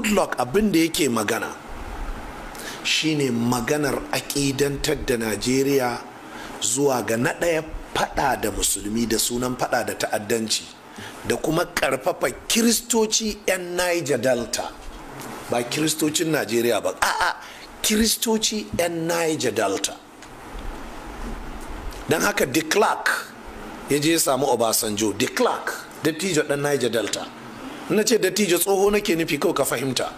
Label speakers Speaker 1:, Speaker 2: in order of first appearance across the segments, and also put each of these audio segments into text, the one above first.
Speaker 1: goodluck abin da yake magana shine maganar aƙidantar da najeriya zuwa ga na ɗaya fada da musulmi da sunan faɗa da ta'addanci da kuma ƙarfafa kiristoci 'yan niger delta ba kiristocin najeriya ba a'a kiristoci 'yan niger delta don haka de clark ya je ya samu obasanjo de clark dattijo ɗan niger delta na ce dattijo tsoho nake nufi kawai ka fahimta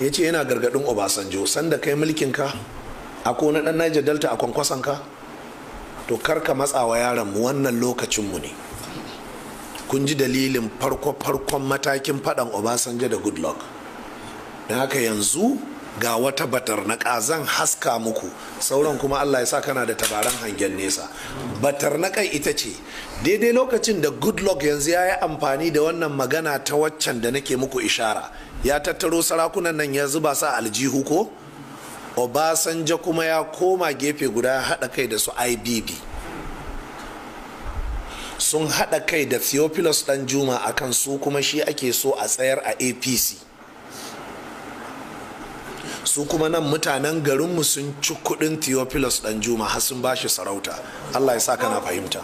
Speaker 1: ya ce yana gargadin obasanjo sanda kai mulkin ka a ko na dan naija delta a kwankwason ka to kar ka matsawa yaron mu wannan lokacin mu ne kun ji dalilin farko farkon matakin fadan obasanjo da goodluck don haka yanzu ga wata batar na zan haska muku sauran kuma allah ya sa kana da tabaran hangen nesa batar na kai ita ce daidai lokacin da goodluck yanzu ya yi amfani da wannan magana ta waccan da nake muku ishara ya tattaro sarakunan nan ya zuba sa aljihu ko Obasanja kuma ya koma gefe guda ya haɗa kai da su ibb sun haɗa kai da theophilus dan juma akan su kuma shi ake so a tsayar a apc su kuma nan mutanen garinmu sun ci kudin theophilus juma har sun bashi sarauta allah ya sa kana fahimta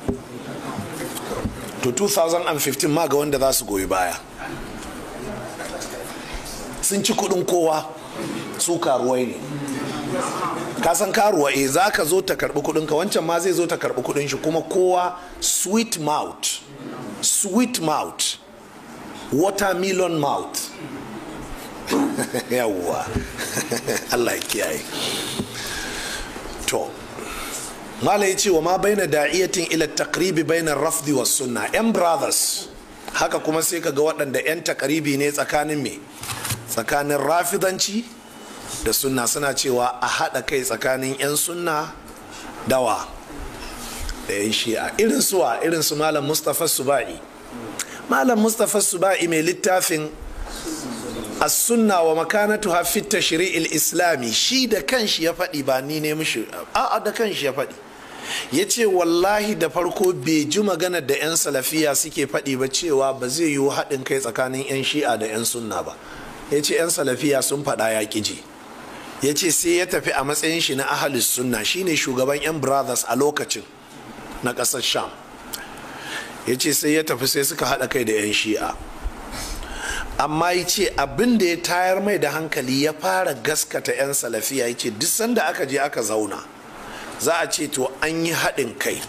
Speaker 1: to 2015 ma ga wanda za su goyi baya sun ci kudin kowa su karuwai ne ka san karuwa e, za ka zo ta karbi kudin ka wancan ma zai zo ta karbi kudin shi kuma kowa sweet mouth sweet mouth watermelon mouth yawwa Allah ya kiyaye to mala ya ce wa ma baina da'iyatin ila takribi baina rafdi wa sunna yan brothers haka kuma sai ka ga waɗanda yan takribi ne tsakanin me tsakanin rafidanci da sunna suna cewa a haɗa kai tsakanin yan sunna dawa da yan shi'a irin suwa irin su malam mustapha suba'i malam mustapha suba'i mai littafin as-sunna wa makanatuha fi tashri'il islami shi da kanshi ya faɗi ba ni ne mishi a'a da kanshi ya faɗi ya ce wallahi da farko bai ji magana da 'yan salafiya suke faɗi ba cewa ba zai wa haɗin kai tsakanin 'yan shi'a da 'yan sunna ba ya ce 'yan salafiya sun faɗa ya ƙiji ya ce sai ya tafi a matsayin shi na ahalis sunna shine shugaban 'yan brothers a lokacin na ƙasar sham ya ce sai ya tafi sai suka haɗa kai da 'yan shi'a amma ya ce abin da ya tayar mai da hankali ya fara gaskata 'yan salafiya ya ce duk sanda aka je aka zauna za a ce to an yi haɗin kai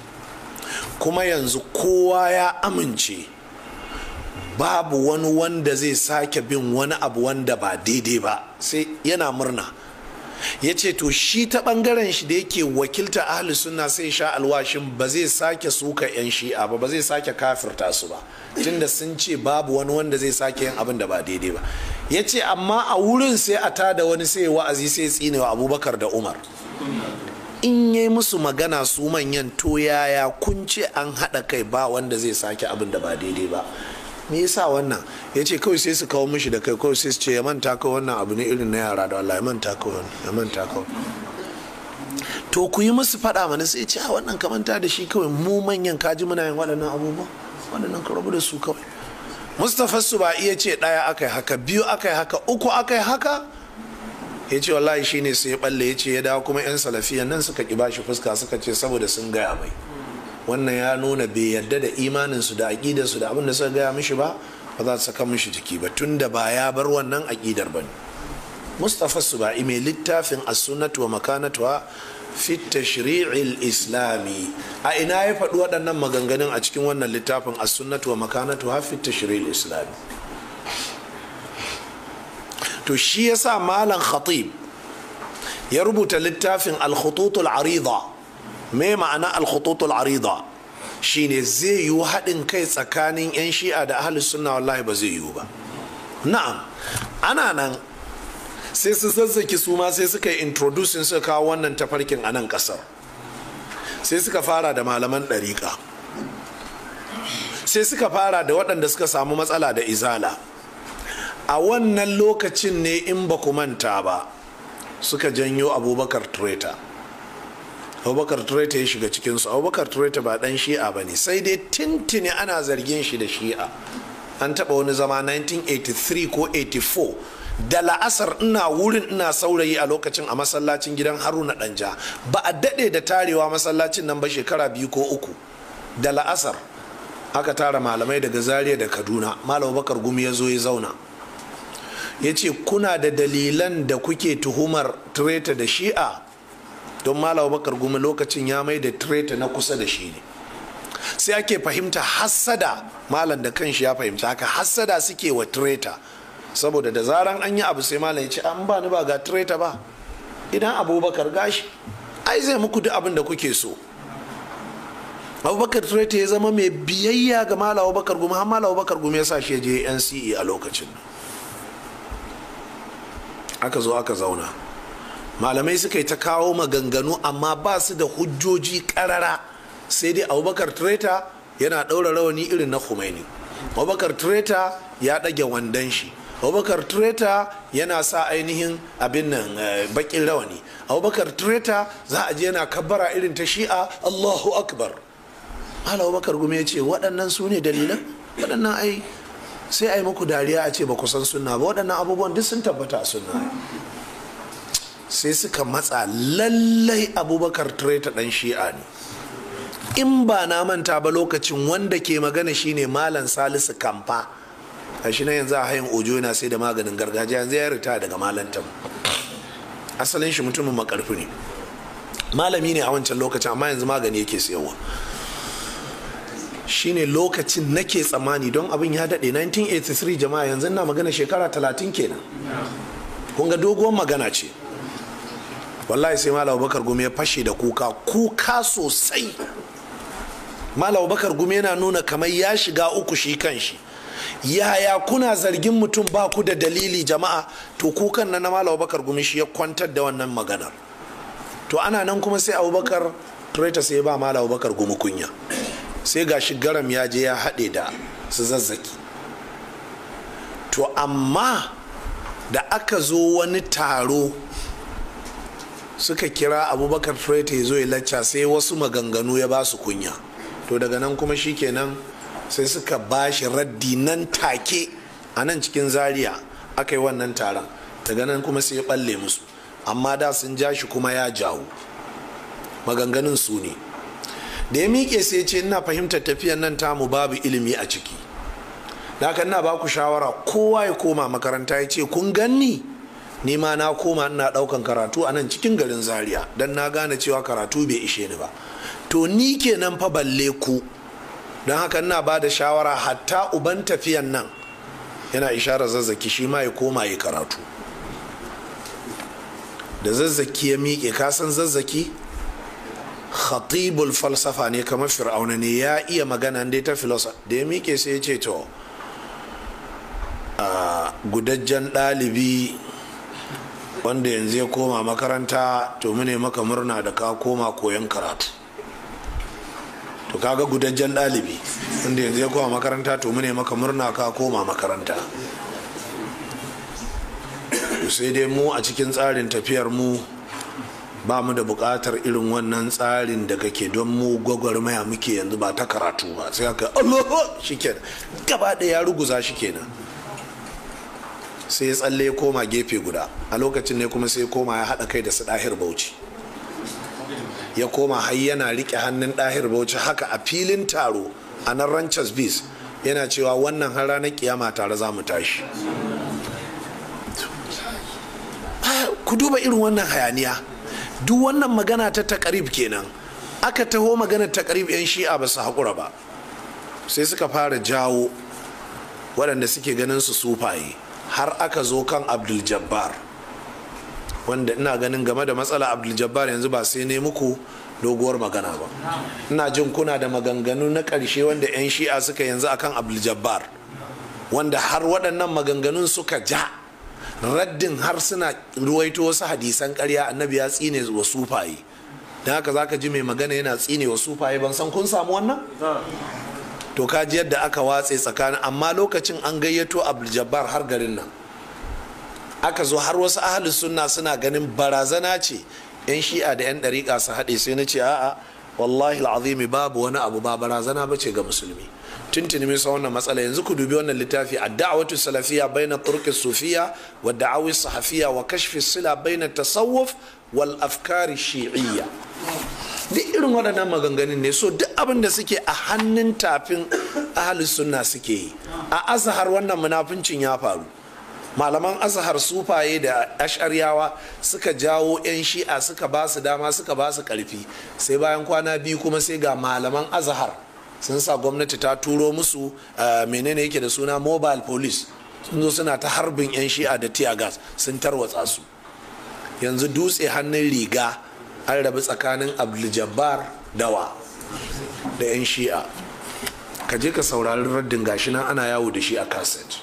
Speaker 1: kuma yanzu kowa ya amince babu wani wanda zai sake bin wani abu wanda ba daidai ba sai yana murna ya ce to shi ta bangaren shi da yake wakilta ahli sunna sai sha alwashin ba zai sake suka yan shi'a ba ba zai sake kafirta su ba tunda sun ce babu wani wanda zai sake yin abin da ba daidai ba ya ce amma a wurin sai a ta da wani sai wa'azi sai tsinewa abubakar da umar in yi musu magana su manyan to yaya kun ce an haɗa kai ba wanda zai sake abin da ba daidai ba me yasa wannan ya ce kawai sai su kawo mishi da kai kawai sai su ce ya manta kawai wannan abu ne irin na yara da Allah ya manta kawai ya manta to ku yi musu faɗa mana sai ce a ah, wannan ka manta da shi kawai mu manyan kaji muna yin waɗannan abubuwa waɗannan ka rabu da su kawai Mustapha su ba iya ce ɗaya aka yi haka biyu aka yi haka uku aka yi haka ya ce wallahi shine sai ya balle ya ce ya dawo kuma 'yan salafiyan nan suka ƙi bashi fuska suka ce saboda sun gaya mai wannan ya nuna bai yarda da imaninsu da aƙidarsu da abin da suka gaya mishi ba ba za su saka mishi jiki ba tun da ba ya bar wannan aƙidar ba ne mustapha suba'i mai littafin as sunnah wa makanatuwa fi tashri'il islami a ina ya faɗi waɗannan maganganun a cikin wannan littafin as sunnah wa makanatuwa fi tashri'il islami to shi yasa malam khatib ya rubuta littafin al al arida me ma'ana alkhututul arida shine zai yiwu haɗin kai tsakanin 'yan shi'a da ahalus sunna wallahi ba zai yiwu ba na'am ana nan sai su zazzaki su ma sai suka yi introducing suka kawo wannan tafarkin a nan ƙasar sai suka fara da malaman ɗariƙa sai suka fara da waɗanda suka samu matsala da izala a wannan lokacin ne in ba ku manta ba suka janyo abubakar traitor abubakar tureta ya shiga cikinsu abubakar tureta ba dan shi'a ba ne sai dai tintini ana zargin shi da shi'a an taɓa wani zama 1983 ko 84 da la'asar ina wurin ina saurayi a lokacin a masallacin gidan haruna danja ba a daɗe da tarewa masallacin nan ba shekara biyu ko uku da la'asar aka tara malamai daga zaria da kaduna malam bakar gumi ya zo ya zauna ya ce kuna da dalilan da kuke tuhumar tureta da shi'a don malawa bakar gumi lokacin ya mai da treta na kusa da shi ne sai ake fahimta hassada malam da kanshi ya fahimci haka hassada suke wa treta saboda da zaran an yi abu sai malam ya ce an ba ni ba ga treta ba idan abubakar gashi ai zai muku duk abin da kuke so abubakar treta ya zama mai biyayya ga malam Bakar gumi har malam Bakar gumi ya sa shi je nce a lokacin aka zo aka zauna malamai suka yi ta kawo maganganu amma ba su da hujjoji karara sai dai abubakar treta yana ɗaura rawani irin na khomeini abubakar treta ya ɗage wandon shi abubakar treta yana sa ainihin abin nan eh, bakin rawani abubakar treta za a je yana kabbara irin ta shi'a allahu akbar mala abubakar gume ya ce waɗannan su ne dalilan waɗannan ai sai a yi muku dariya a ce ba ku san sunna ba waɗannan abubuwan duk sun tabbata a sunna sai suka matsa lallai abubakar treta dan shi'a ne in ba na manta ba lokacin wanda ke magana shine malam salisu kamfa a shi na yanzu a hayan ojo yana sai da maganin gargajiya yanzu ya rita daga malantan asalin shi mutumin makarfi ne malami ne a wancan lokacin amma yanzu magani yake Shi shine lokacin nake tsammani don abin ya daɗe 1983 jama'a yanzu na magana shekara 30 kenan kun ga doguwar magana ce wallahi sai malam bakar gumi ya fashe da kuka kuka sosai malam bakar gumi yana nuna kamar ya shiga uku shi kan shi yaya kuna zargin mutum ba ku da dalili jama'a to kukan na na malam bakar gumi shi ya kwantar da wannan maganar to ana nan kuma sai abubakar traitor sai ba malam bakar gumi kunya sai ga shi garam ya je ya haɗe da su zazzaki to amma da aka zo wani taro suka kira abubakar traite ya zo ya lacca sai wasu maganganu ya ba su kunya to daga nan kuma shi shikenan sai suka ba shi raddi nan take a nan cikin zaria aka yi wannan taron daga nan kuma sai ya balle musu amma da sun ja shi kuma ya jawo maganganun su ne da ya miƙe sai ce ina fahimtar tafiyan nan tamu babu ilimi a ciki da haka ina ba ku shawara kowa ya koma makaranta ya ce kun ganni ni ma na koma ina ɗaukan karatu a nan cikin garin zaria don na gane cewa karatu bai ishe ni ba to ni kenan fa balle ku don haka ina ba da shawara hatta uban tafiyan nan yana ishara zazzaki shi ma ya koma ya karatu da zazzaki ya miƙe kasan zazzaki khatibul falsafa ne kamar fir'auna ne ya iya magana dai ta filosa. da ya miƙe sai ya ce to a ah, gudajjen ɗalibi wanda yanzu ya koma makaranta to mune maka murna da ka koma koyon karatu to kaga gudajjen ɗalibi wanda yanzu ya koma makaranta to mune maka murna ka koma makaranta sai dai mu a cikin tsarin tafiyar mu ba mu da buƙatar irin wannan tsarin da kake don mu gwagwarmaya muke yanzu ba ta karatu ba sai aka allahu shikenan gaba da ya ruguza kenan sai ya tsalle ya koma gefe guda a lokacin ne kuma sai ya koma ya haɗa kai da su ɗahir bauchi ya koma har yana riƙe hannun ɗahir bauchi haka a filin taro a nan ranchers beach yana cewa wannan har ranar kiyama tare za mu tashi ku duba irin wannan hayaniya duk wannan magana ta takarib kenan aka taho magana takarib 'yan shi'a ba su haƙura ba sai suka fara jawo waɗanda suke ganin su sufaye har aka zo kan abdul jabbar wanda ina ganin game da matsala abdul jabbar yanzu ba sai ne muku doguwar magana ba ina jin kuna da maganganu na ƙarshe wanda 'yan shi'a suka yanzu akan abdul jabbar wanda har waɗannan maganganun suka ja raddin har suna ruwaito wasu hadisan karya annabi ya tsine wa sufaye don haka ka ji mai magana yana tsine wa sufaye ban san kun samu wannan to kaji yadda aka watse tsakanin amma lokacin an gayyato abdul har garin nan aka zo har wasu ahalin sunna suna ganin barazana ce yan shi'a da yan ɗariƙa su haɗe sai na ce a'a wallahi al'azimi babu wani abu ba barazana ba ce ga musulmi tuntuni mai wannan matsala yanzu ku dubi wannan littafi adda'awatu salafiya bai baina turqi Sufiya wa da'awi sahafiyya wa kashfi sila baina tasawuf wal afkari shi'iyya duk irin waɗannan maganganun ne so duk abin da suke a hannun tafin ahalin sunna suke yi a azhar wannan munafincin ya faru malaman azhar sufaye da ashariyawa suka jawo 'yan shi'a suka ba su dama suka ba su karfi sai bayan kwana biyu kuma sai ga malaman azhar sun sa gwamnati ta turo musu eh, menene yake da suna mobile police sun zo suna ta harbin 'yan shi'a da tear gas sun tarwatsa su yanzu dutse hannun riga an rabu tsakanin abdul-jabbar dawa da 'yan shi'a ka je ka saurari raddin gashi nan ana yawo da shi a kaset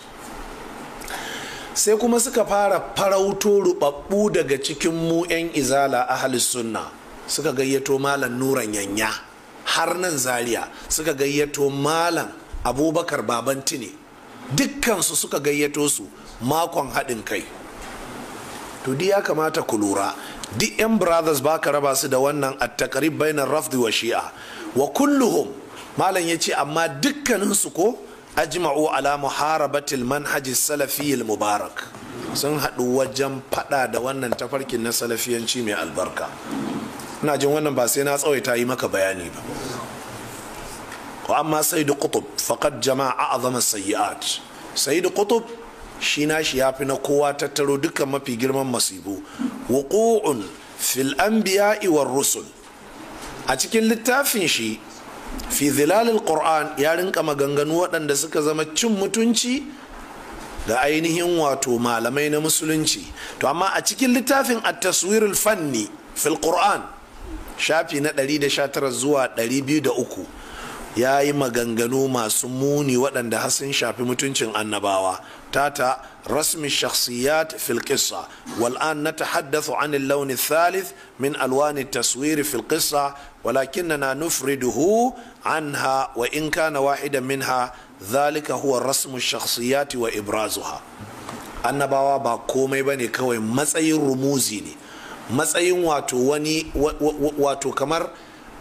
Speaker 1: sai kuma suka fara farauto rubabbu daga cikin mu 'yan izala ahalis sunna suka gayyato malam nuran yanya har nan zaria suka gayyato malam abubakar babantini tini dukkansu suka gayyato su makon haɗin kai to ya kamata ku lura duk yan brothers ba ka raba su da wannan a takarib bainar rafdi wa shi'a wa kulluhum malam ya ce, amma dukkanin su ko ajma'u ala muharabatil manhaji Salafiyil mubarak sun haɗu wajen faɗa da wannan tafarkin na salafiyanci mai albarka ina jin wannan ba sai na tsawaita yi maka bayani ba wa amma sayyid qutb faqad jama'a a'zama sayyi'at sayyid qutb shi nashi ya fi na kowa tattaro dukkan mafi girman masibu wuqu'un fil anbiya'i iwar rusul a cikin littafin shi fi zilalil qur'an ya rinka maganganu waɗanda suka zama cin mutunci ga ainihin wato malamai na musulunci to amma a cikin littafin a taswirul fanni fil qur'an shafi na 119 zuwa 203 ya yi maganganu masu muni waɗanda har shafi mutuncin annabawa tata rasmi shakhsiyat fil qissa wal an natahaddathu an al-lawn ath-thalith min alwan at-taswir fil qissa walakinna nufriduhu anha wa in kana wahidan minha dhalika huwa rasmu ash-shakhsiyat wa ibrazuha annabawa ba komai bane kawai matsayin rumuzi ne matsayin wato wani wato kamar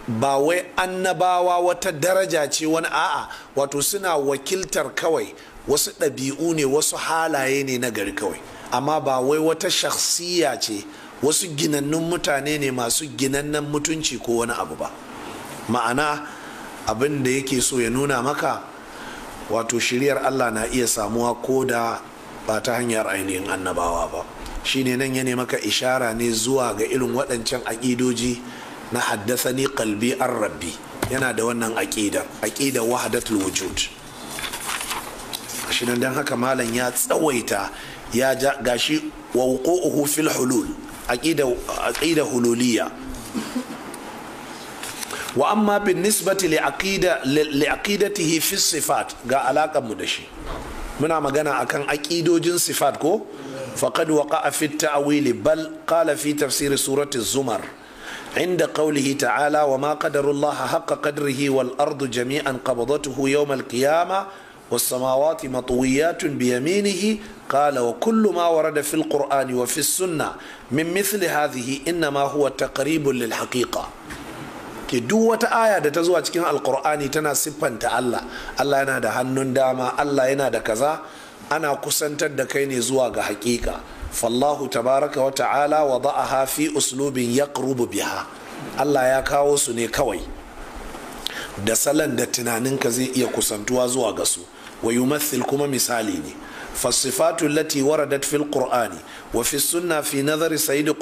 Speaker 1: ba wai annabawa wata daraja ce wani a'a wato suna wakiltar kawai wasu ɗabi'u ne wasu halaye ne na gari kawai amma ba wai wata shakhsiya ce wasu ginannun mutane ne masu ginannen mutunci ko wani abu ba ma'ana abin da yake so ya nuna maka wato shiriyar allah na iya samuwa ko da ba ta hanyar ainihin annabawa ba shine nan ya maka ishara ne zuwa ga irin waɗancan aƙidoji na haddasani kalbi an rabbi yana da wannan aƙidar aƙidar wahadatul wujud shi don haka malam ya tsawaita ya gashi wa wuqu'uhu fil hulul aqida hululiya wa amma bin nisbati li aqida li aqidatihi fi sifat ga alaƙar mu da shi muna magana akan aƙidojin sifat ko faqad waqa'a fi ta'wili bal qala fi tafsir surati zumar عند قوله تعالى وما قدر الله حق قدره والأرض جميعا قبضته يوم القيامة والسماوات مطويات بيمينه قال وكل ما ورد في القرآن وفي السنة من مثل هذه إنما هو تقريب للحقيقة ke duk wata aya da ta zuwa cikin alkur'ani tana siffanta Allah Allah yana da hannun dama Allah yana da kaza ana kusantar da kai ne zuwa ga hakika fallahu tabaraka wa ta'ala wa ba'aha hafi uslubin yaqrubu biha Allah ya kawo su ne kawai da salan da tunaninka zai iya kusantuwa zuwa ga su wa yumathil kuma misali ne fasifatu lati waradat fil qur'ani wa fi sunna fi nazari sayyid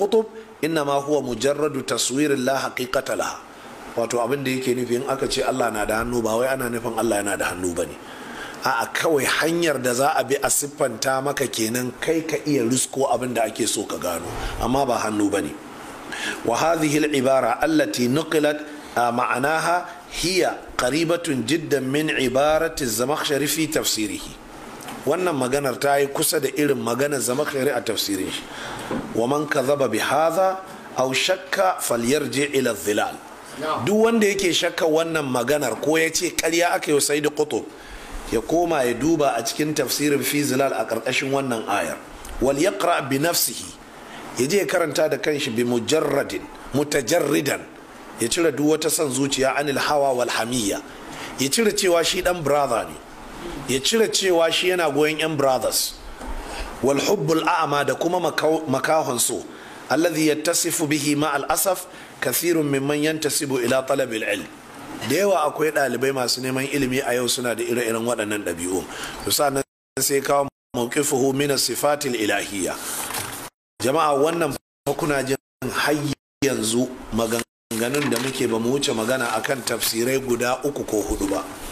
Speaker 1: inna ma huwa mujarradu taswirin la haqiqata laha wato abin da yake nufin aka ce Allah na da hannu ba wai ana nufin Allah yana da hannu bane a'a kawai hanyar da za a bi a siffanta maka kenan kai ka iya rusko abin da ake so ka gano amma ba hannu ba bane wa hadhihi al-ibara allati nuqilat ma'anaha hiya karibatun jidda min ibarati zama sharifi tafsirihi wannan maganar ta yi kusa da irin maganar zamakhshari a tafsirin shi wa man kadhaba bi hadha aw shakka falyarji ila dhilal duk wanda yake shakka wannan maganar ko ya ce karya aka yi sai da qutub ya koma ya duba a cikin tafsirin fi zilal a ƙarƙashin wannan ayar wal yaqra bi nafsihi ya je karanta da kanshi bi mujarradin mutajarridan ya cire duk wata son zuciya anil hawa wal hamiyya ya cire cewa shi dan brother ne ya cire cewa shi yana goyon yan brothers wal hubbul a'ma da kuma makahon so alladhi yattasifu bihi ma al asaf kathirun mimman yantasibu ila talabil ilm da yawa akwai dalibai masu neman ilimi a yau suna da ire-iren waɗannan ɗabi'u to sannan sai kawo mawqifuhu min sifatil ilahiyya jama'a wannan kuna jin yanzu maganganun da muke ba mu wuce magana akan tafsirai guda uku ko hudu ba